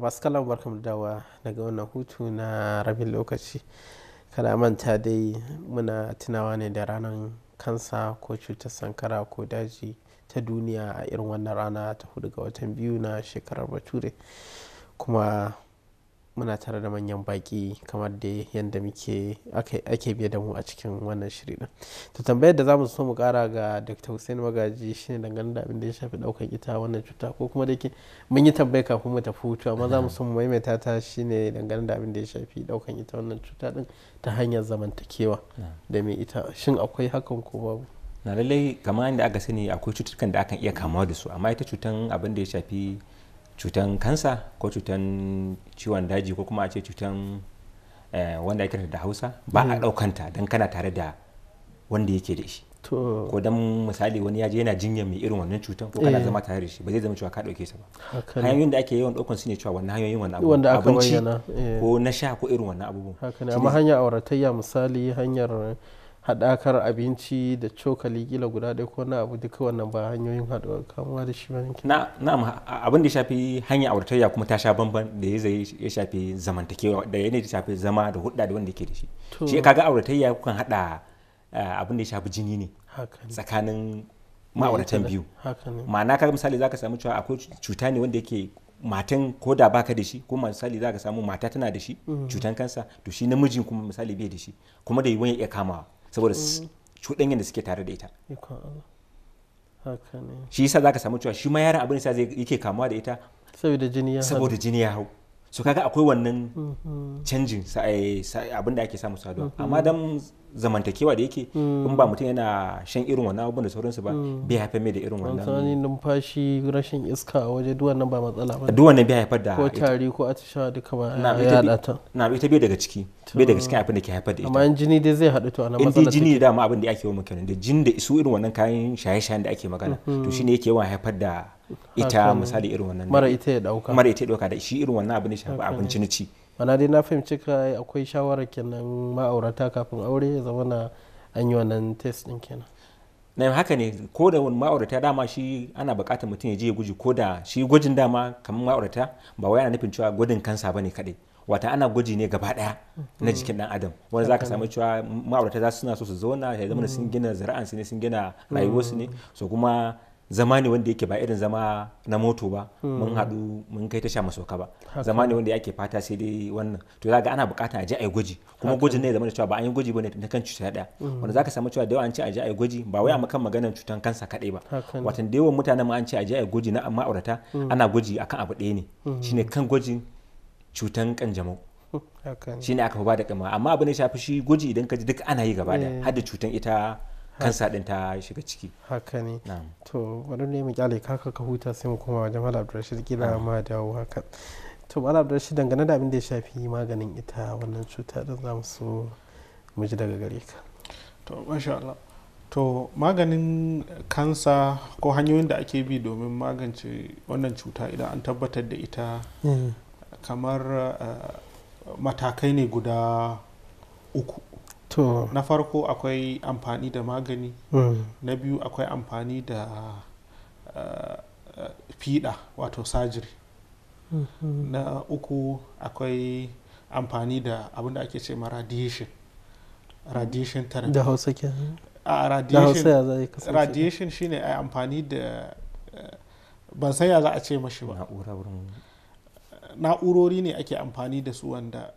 to masu dawa daga wannan hutu na rabin lokaci kada manta dai muna tunawa ne da ranar kansa ko cutar sankara ko daji ta duniya a irin wannan rana ta hudu ga watan biyu na shekarar bature kuma muna tare da manyan baki kamar da yadda muke ake biye da mu a cikin wannan shiri din to tambayar da zamu so mu kara ga dr hussein magaji shine dangane da abin da ya shafi daukar ita wannan cuta ko kuma da ke mun yi tambayar kafin mu tafi hutu amma zamu so mu maimaita ta shine dangane da abin da ya shafi daukar ita wannan cuta din ta hanyar zamantakewa da mai ita shin akwai hakan ko babu na lallai kamar yadda aka sani akwai cututtukan da akan iya kamuwa da su amma ita cutan abin da ya shafi cutan kansa ko cutan ciwon daji ko kuma a ce cutan eh, wanda ake da hausa ba a daukanta mm. don kana tare da wanda yake da shi ko don misali wani ya je yana jinya mai irin wannan cutan ko kana eh. zama tare da shi ba zai zama cewa ka dauke sa ba hanyoyin da ake yawan daukan su ne cewa wannan hanyoyin wannan abu wanda aka bayyana eh. ko na sha ko irin wannan abubuwan haka ne amma hanyar auratayya misali hanyar haɗakar abinci da cokali gila guda ɗaya ko na abu duka wannan ba hanyoyin haɗuwar kamuwa da shi ne. na na abin da shafi hanyar auratayya kuma ta sha bamban da ya zai ya shafi zamantakewa da ya shafi zama da hudda da wanda ke da shi shi kaga auratayya kukan haɗa abin da ya shafi jini ne tsakanin ma'auratan biyu ma'ana kaga misali zaka samu cewa akwai cuta ne wanda yake matan ko da baka da shi ko misali zaka samu mata tana da shi mm. cutan kansa to shi namijin kuma misali bai da shi kuma da yiwuwan ya iya kamawa saboda mm. cuɗanyen da suke tare da ita shi yasa ka samu cewa shi ma yaran abin sa zai yake kamuwa da ita saboda jini ya hau so kaga akwai wannan mm-hmm. canjin eh, abin da ake samu saduwa mm-hmm. amma don zamantakewa da yake mm. in ba mutum yana shan irin wannan abubuwan da sauransu ba mm. bai haifar mai da irin wannan tsananin numfashi rashin iska a waje duk ba matsala ba duk wannan bai haifar da ko tari ko atishawa duka ba ya yada ta na ita bai daga ciki bai daga cikin abin da ke haifar da ita amma in jini dai zai haɗu to ana matsala in jini da ma abin da ake wa mukanin da jini da isu irin wannan kayan shaye-shayen da ake magana mm-hmm. to shine yake yawan haifar da ita misali irin wannan mara ita ya dauka mara ita ya dauka da shi irin wannan abin shi ba abinci ci mana dai na fahimci ka akwai shawara kenan ma'aurata kafin aure ya zama na an yi wannan test din kenan na haka ne ko da wani ma'aurata dama shi ana buƙatar mutum ya je ya guji ko da shi gwajin dama kamar ma'aurata ba wai ana nufin cewa gwajin kansa bane kadai wata ana gwaji ne gaba daya mm-hmm. na jikin dan adam wanda zaka samu cewa ma'aurata za su suna so su zauna ya zama sun mm-hmm. gina ziraansu ne sun gina mm-hmm. rayuwarsu ne so kuma zama ne wanda yake ba irin zama na moto ba mun hmm. haɗu mun kai tasha masauka ba zama ne wanda yake fata sai dai wannan to za ga ana bukata a je a yi gwaji kuma gwajin ne zama da cewa ba an yi gwaji ba ne na kan cuta ɗaya hmm. wanda za ka samu cewa da yawa an ce a je a yi gwaji ba wai a makan maganar cutan kansa kaɗai ba watan da yawan mutanen ma an ce a je a yi gwaji na ma'aurata hmm. ana gwaji akan abu ɗaya ne shine kan gwajin cutan kanjamau shine aka fi ba da kama amma abu ne shafi shi gwaji idan ka ji duk ana yi gaba eh. da har cutan ita kansa din ta shiga ciki haka ne to wani ne mu kyale kaka ka huta sai mu koma wajen malam abdurrashid kila ma dawo haka to malam abdurrashid dangane da abin da ya shafi maganin ita wannan cuta din za mu so mu ji daga gare ka to masha Allah to maganin kansa ko hanyoyin da ake bi domin magance wannan cuta idan an tabbatar da ita mm. kamar eh, matakai ne guda uku na farko akwai amfani da magani hmm. na biyu akwai amfani da eh, eh, fiɗa wato surgery mm-hmm. na uku akwai amfani da abin da ake ce ma radiation radiation therapy da hausa ke a radiation radiation ne a amfani da eh, ban san ya za a ce mashi ba na'urori ne ake amfani da su wanda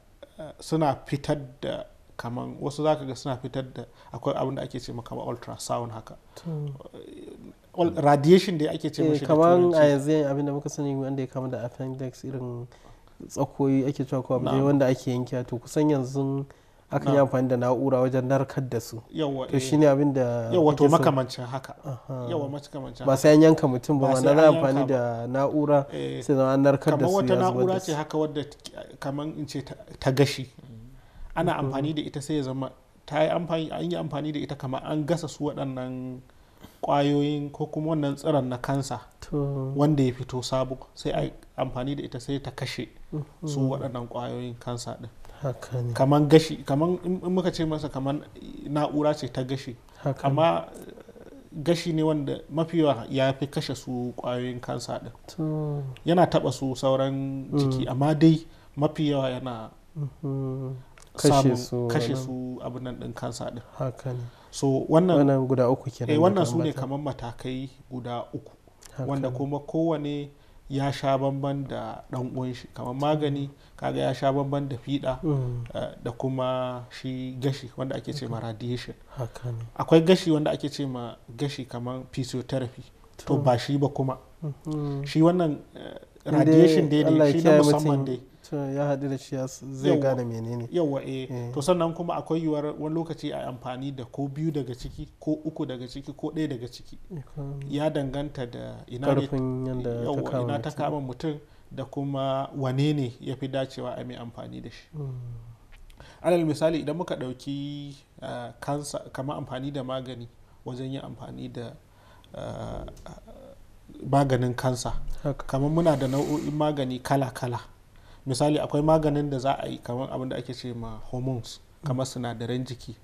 suna fitar da kamar wasu ka ga suna fitar da akwai abin da ake ce maka kamar ultrasound haka radiation da ake ce mashi eh, kamar a yanzu abin da muka sani wanda ya kama da appendix irin tsakoyi ake cewa ko abu wanda ake yanke to kusan yanzu aka yi amfani da na'ura wajen narkar da su to to eh. ne abin da yawa to makamancin haka yawa makamancin ba sai an yanka mutum ba wannan na amfani da na'ura eh. sai zama an narkar da su kamar wata na'ura ce haka wadda kamar in ce ta gashi ana mm-hmm. amfani da ita sai ya zama ta yi amfani an yi amfani da ita kamar an gasa su waɗannan kwayoyin ko kuma wannan tsiron na kansa wanda ya fito sabo sai a amfani da ita sai ta kashe mm-hmm. su waɗannan kwayoyin kansa ɗin kamar gashi kamar in muka ce masa kamar na'ura ce ta gashi amma gashi ne wanda mafi yawa ya fi kashe su kwayoyin kansa ɗin yana taɓa su sauran jiki mm. amma dai mafi yawa yana mm-hmm. kashe su abin nan din kansa din haka ne so wannan guda uku kenan eh wannan su ne kamar matakai guda uku wanda kuma kowane ya sha bamban da dan uwan shi kamar magani kaga ya sha bamban da fiɗa mm. eh, da kuma shi gashi wanda ake ce ma radiation akwai gashi wanda ake ce ma gashi kamar physiotherapy to ba shi ba kuma mm-hmm. shi wannan eh, radiation dai ne shi na musamman dai ya haɗu da shi zai gane menene yawa eh. eh to sannan kuma akwai yiwuwar wani lokaci a amfani da ko biyu daga ciki ko uku daga ciki ko ɗaya daga ciki ya danganta da ina ina ta kama mutum da kuma wane ne ya fi dacewa a mai amfani da shi hmm. alal misali idan muka ɗauki ah, kansa kama amfani da magani wajen yin amfani da ah, maganin kansa kamar muna da nau'o'in magani kala-kala misali akwai maganin da za a yi kamar abin da ake ce ma hormones kamar sinadaran jiki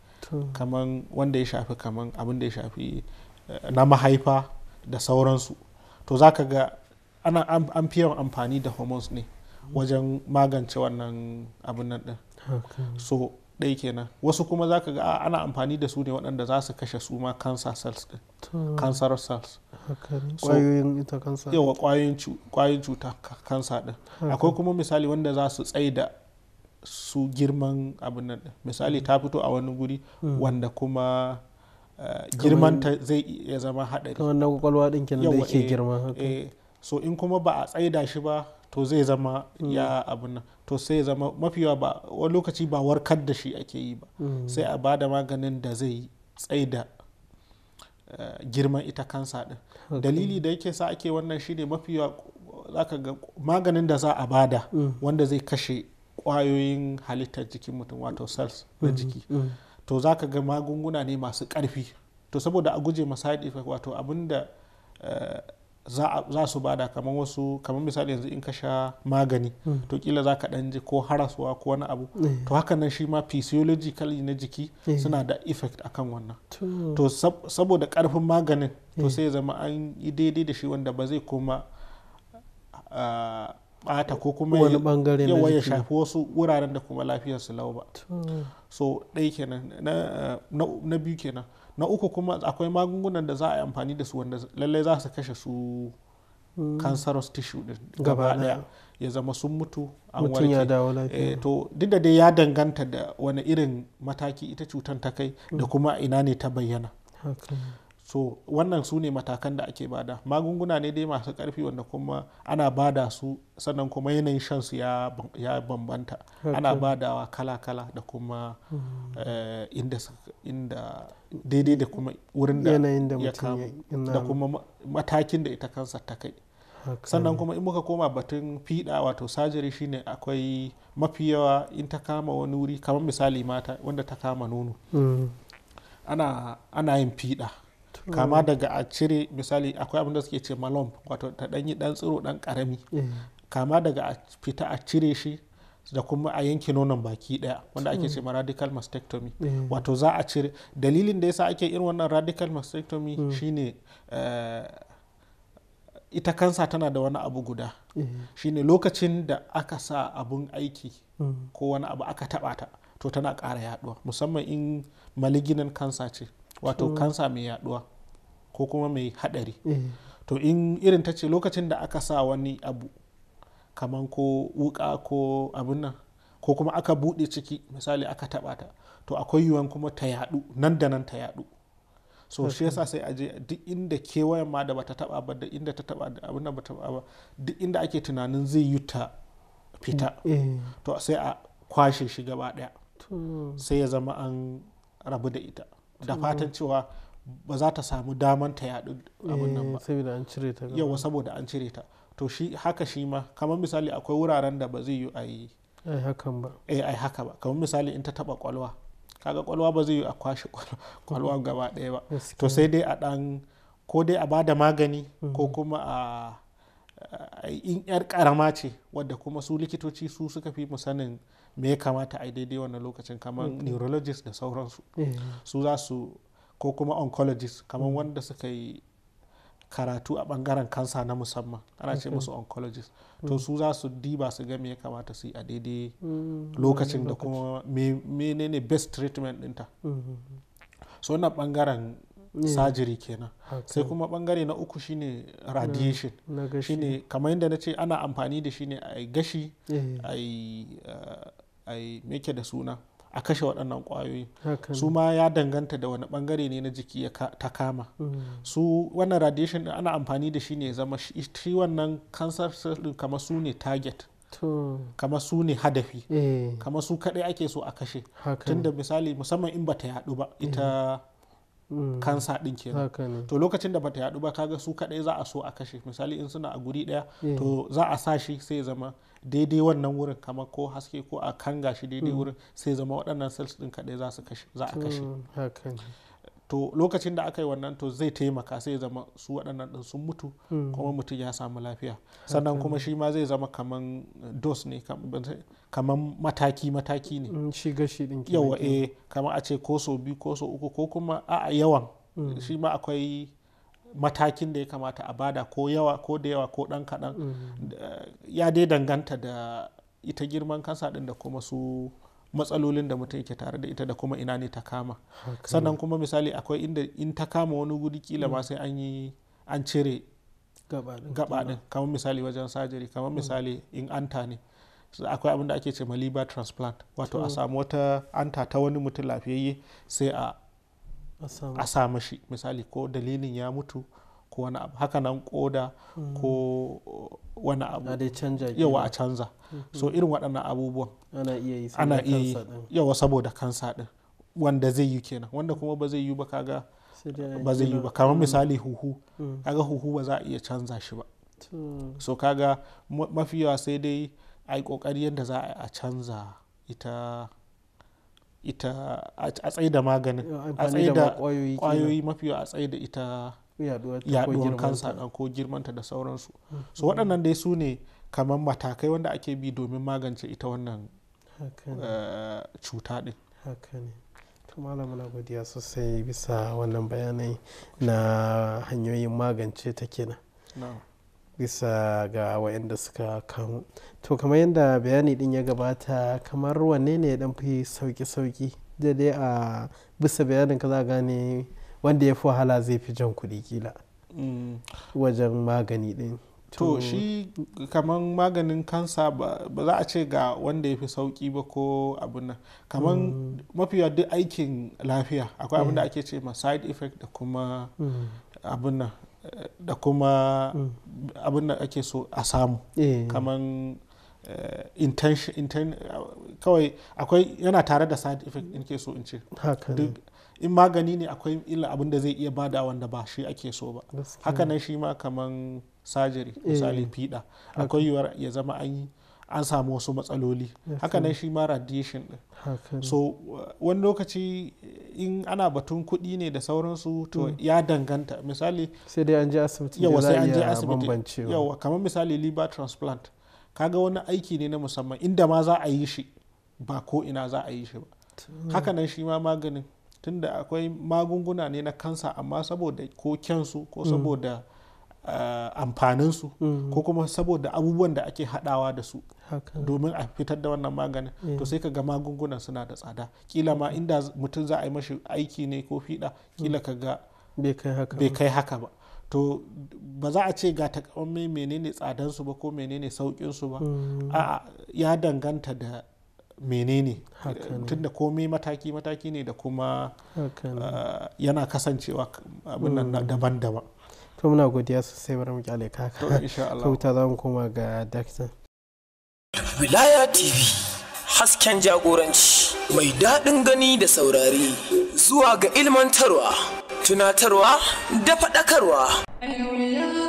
kamar wanda ya shafi kamar abin da ya shafi eh, na mahaifa da sauransu to za ka ga ana an fi yawan amfani da hormones ne wajen magance wannan abin nan din so ɗaya kenan wasu kuma za ka ga ana amfani da su ne waɗanda za su kashe su ma cancer cells ɗin cancer cells ƙwayoyin ita cancer yawa ƙwayoyin cuta cancer ɗin akwai kuma misali wanda za su tsaida su girman abin nan misali ta fito a wani guri hmm. wanda kuma eh, girman ta zai ya zama haɗari kamar na kwakwalwa ɗin kenan da yake eh, girma eh. so in kuma ba a tsaida shi ba to zai zama mm. ya abin nan to sai zama mafi yawa ba wani lokaci ba warkar da shi ake yi ba mm. sai a ba da maganin da zai tsaida eh, girman ita kansa din dalili da yake sa ake wannan shine mafi yawa zaka ga maganin da za a ba da. Mm. wanda zai kashe kwayoyin halittar jikin mutum wato cells na jiki to zaka ga magunguna ne masu karfi to saboda a guje ma side effect wato abinda eh, za su bada kamar wasu kamar misali yanzu in ka sha magani hmm. to kila za ka ji ko harasuwa ko wani abu eh. to hakanan nan shi ma physiologically na jiki eh. suna da effect akan wannan to saboda karfin maganin to eh. sai zama an yi daidai da shi wanda ba zai koma bata ko kuma yawa ya shafi wasu wuraren da kuma lafiyarsu lau ba so ɗaya kenan na biyu kenan na uku kuma akwai magungunan da za a yi amfani da su wanda lallai za su kashe su hmm. cancerous tissue din gaba daya ya zama sun mutu an warke eh, to duk da dai ya danganta da wani irin mataki ita cutar ta kai da hmm. kuma ina ne ta bayyana so wannan su ne matakan da ake bada magunguna ne dai masu karfi wanda kuma ana bada su sannan kuma yanayin shansu ya, ya bambanta ana badawa kala-kala da kuma hmm. eh, inda, daidai da kuma wurin da ya kama da kuma matakin da ita kansa ta kai sannan kuma in muka koma batun fiɗa wato sajiri shine akwai mafi yawa in ta kama wani wuri kamar misali mata wanda ta kama nono hmm. ana yin fiɗa kama daga a cire misali akwai abin da suke ce malomb wato ta danyi ɗan tsiro ɗan karami eh. kama daga a fita a cire shi da kuma a yanke nonon baki daya wanda ake ce radical mastectomy eh. wato za a cire dalilin da yasa ake irin wannan radical mastectomy hmm. shine eh, ita kansa tana da wani abu guda shine lokacin da aka sa abun aiki hmm. ko wani abu aka taba ta to tana ƙara yaduwa musamman in maliginan kansa ce wato kansa hmm. mai yaduwa ko kuma mai haɗari eh. to in irin ta ce lokacin da aka sa wani abu kamar ko wuka ko abin nan ko kuma aka buɗe ciki misali aka taɓa ta to akwai yiwuwan kuma ta yaɗu nan da nan ta yaɗu so shi yasa sai aje duk inda kewayen ma da bata taɓa ba da inda ta taɓa da abin da bata taɓa ba duk inda ake tunanin zai yi ta fita mm, eh. to sai a kwashe shi gaba ɗaya. sai ya zama an rabu da ita da fatan cewa ba za ta samu daman ta yaɗu abin nan eh, ba saboda an cire ta yawa saboda an cire ta to shi haka shi ma kamar misali akwai wuraren da ba zai yi a yi ai hakan ba eh, ai haka ba kamar misali in ta taba kwalwa kaga kwalwa ba zai yi a kwashe kwalwa gaba ɗaya ba to sai dai a dan ko dai a bada magani mm. ko kuma a in yar karama ce wadda kuma su likitoci su suka fi mu sanin me ya kamata a daidai wannan lokacin kamar mm. neurologist da sauransu eh. su za su ko kuma oncologist kamar wanda suka yi karatu a bangaren kansa na musamman ana ce musu oncologist to mm. su za su diba su ga me ya kamata su yi a daidai mm, lokacin da kuma menene best treatment dinta mm-hmm. so wannan bangaren sajiri kenan sai kuma bangare na uku shine radiation shine kamar yadda na ce ana amfani da shine a gashi a yi eh, meke da suna a kashe waɗannan ƙwayoyi su ma ya danganta da wani ɓangare ne na jiki ta kama mm. su wannan radiation ana amfani da shi ne zama shi wannan cancer cell kamar su ne target kamar su ne hadafi eh. kamar su kaɗai ake so a kashe tunda misali musamman in bata yaɗu ba ita kansa mm. ɗin ke to lokacin da bata yaɗu ba kaga su kaɗai za a so a kashe misali in suna a guri ɗaya eh. to za a sa shi sai zama daidai wannan wurin kama ko haske ko a kan gashi daidai mm. wurin sai zama waɗannan cells ɗin kaɗai za a mm, kashe to lokacin da aka yi wannan to zai taimaka sai zama su waɗannan ɗin sun mutu mm. kuma mutum ya samu lafiya sannan kuma shi ma zai zama kaman dos ne kaman mataki mataki ne shi gashi ɗin yawa eh kamar a ce ko so biyu ko so uku ko kuma a yawan shi ma akwai matakin da ya kamata a bada ko yawa ko da yawa ko ɗan kaɗan mm. ya dai danganta da ita girman kansa ɗin da kuma su matsalolin da mutum yake tare da ita da kuma ina ne ta kama sannan kuma misali akwai inda in ta kama wani guri kila ma mm. sai an yi an cire gabaɗin kamar misali wajen sajiri kamar mm. misali in anta ne akwai abin da ake ce ma transplant wato a samu wata anta ta wani mutum lafiyayye sai a a sa mashi misali ko dalilin ya mutu ko wani abu haka nan koda mm. ko wani abu yawa a canza mm-hmm. so irin waɗannan abubuwan ana iya yi yawa saboda kansa ɗin wanda zai yi kenan wanda kuma ba zai yi ba kaga ba zai yi ba kamar mm. misali huhu mm. kaga huhu ba za a iya canza shi ba so kaga mafi yawa sai dai a yi ƙoƙari yadda za a canza ita ita a tsaye da maganin a tsaye da kwayoyi mafi a tsaye da ita yaduwar kansa ko girmanta da sauransu mm, so mm. waɗannan dai su ne kamar matakai wanda ake bi domin magance ita wannan eh, cuta ɗin malamuna godiya sosai bisa wannan bayanai na hanyoyin magance ta kenan bisa ga wayanda suka kamu to kamar yadda bayani din ya gabata kamar wanne ne dan fi sauki-sauki da dai a bisa bayanin ka za gane wanda ya fi wahala zai fi jan kuɗi kila mm. wajen magani din to shi kamar maganin kansa ba za a ce ga wanda ya fi sauki ba ko abin nan kamar mm. mafi duk aikin lafiya akwai abin da mm. ake ce ma side effect da kuma abin nan da kuma mm. abin da ake so a samu eh. kaman eh, intention kawai akwai yana tare da side effect in ke so in ce in magani ne akwai illa abin da zai iya bada wanda ba shi ake so ba haka shi ma kaman surgery. misali eh. fiɗa akwai yiwuwar ya zama an yi an samu wasu matsaloli haka nan shi ma radiation din so wani lokaci in ana batun kuɗi ne da sauransu to mm. ya danganta misali sai dai an je asibiti yawa sai an je asibiti yawa kamar misali liver transplant kaga wani aiki ne na musamman inda ma za a yi shi ba ko ina za a yi shi ba mm. haka nan shi ma maganin tunda akwai magunguna ne na kansa amma saboda ko kyansu ko mm. saboda mm. Eh, amfaninsu mm-hmm. ko kuma saboda abubuwan da ake haɗawa da su domin a fitar da wannan maganin to mm. sai ka ga magungunan suna da tsada kila ma mm-hmm. inda mutum za a yi mashi aiki ne ko fiɗa kila mm. ka ga bai kai haka ba to ba za a ce ga takamaimai menene tsadansu ba ko menene sauƙinsu ba mm. a ya danganta da menene da komai mataki mataki ne da kuma eh, yana kasancewa abin nan daban-daban to muna godiya sosai bari mu kyale ka kauta za mu koma ga dakitan wilaya tv hasken jagoranci mai daɗin gani da saurari zuwa ga ilmantarwa tunatarwa da faɗakarwa